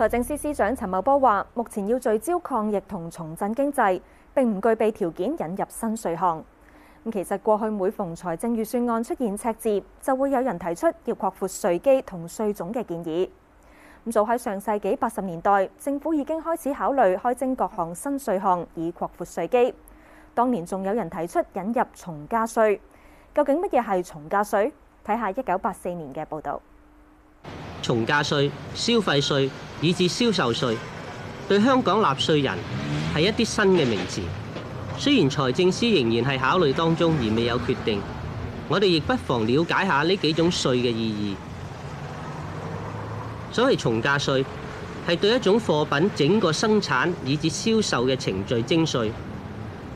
財政司司長陳茂波話：目前要聚焦抗疫同重振經濟，並唔具備條件引入新稅項。咁其實過去每逢財政預算案出現赤字，就會有人提出要擴闊稅基同稅種嘅建議。咁早喺上世紀八十年代，政府已經開始考慮開徵各項新稅項以擴闊稅基。當年仲有人提出引入從價稅。究竟乜嘢係從價稅？睇下一九八四年嘅報導。從價稅、消費稅以至銷售稅，對香港納稅人係一啲新嘅名詞。雖然財政司仍然係考慮當中而未有決定，我哋亦不妨了解下呢幾種稅嘅意義。所謂從價稅係對一種貨品整個生產以至銷售嘅程序徵稅。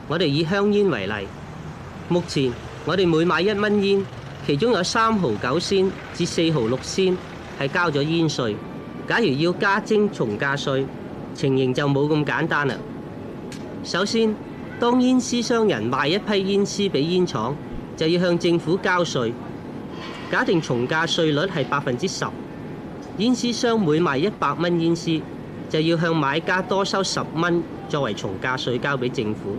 我哋以香煙為例，目前我哋每買一蚊煙，其中有三毫九仙至四毫六仙。係交咗煙稅。假如要加徵從價稅，情形就冇咁簡單啦。首先，當煙絲商人賣一批煙絲俾煙廠，就要向政府交稅。假定從價稅率係百分之十，煙絲商每賣一百蚊煙絲，就要向買家多收十蚊作為從價稅交俾政府。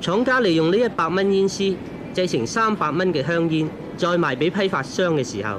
廠家利用呢一百蚊煙絲製成三百蚊嘅香煙，再賣俾批發商嘅時候。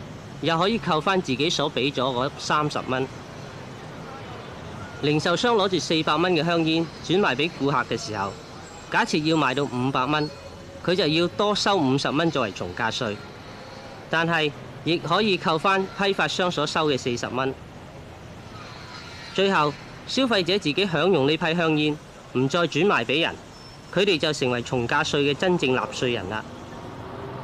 又可以扣返自己所俾咗嗰三十蚊，零售商攞住四百蚊嘅香煙轉賣俾顧客嘅時候，假設要賣到五百蚊，佢就要多收五十蚊作為從價稅。但係亦可以扣返批發商所收嘅四十蚊。最後消費者自己享用呢批香煙，唔再轉賣俾人，佢哋就成為從價稅嘅真正納稅人啦。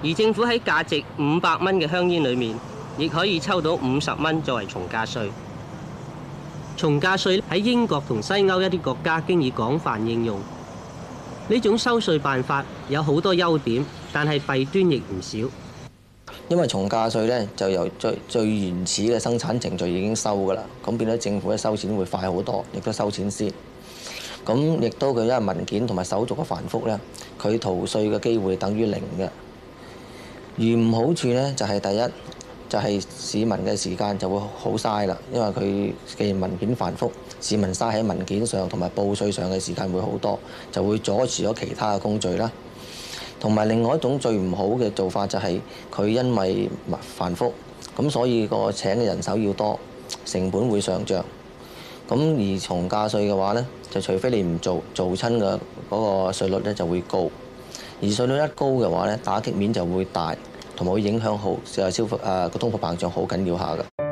而政府喺價值五百蚊嘅香煙裡面。亦可以抽到五十蚊作為從價稅。從價稅喺英國同西歐一啲國家經已廣泛應用。呢種收稅辦法有好多優點，但係弊端亦唔少。因為從價稅呢就由最最原始嘅生產程序已經收㗎啦，咁變咗政府呢收錢會快好多，亦都收錢先。咁亦都佢因為文件同埋手續嘅繁複呢，佢逃稅嘅機會等於零嘅。而唔好處呢就係第一。就係市民嘅時間就會好嘥啦，因為佢既然文件繁複，市民嘥喺文件上同埋報稅上嘅時間會好多，就會阻住咗其他嘅工序啦。同埋另外一種最唔好嘅做法就係，佢因為繁複，咁所以個請嘅人手要多，成本會上漲。咁而從價稅嘅話呢，就除非你唔做做親嘅嗰個稅率呢就會高，而稅率一高嘅話呢，打擊面就會大。同埋會影響好誒消費，通貨膨脹好緊要。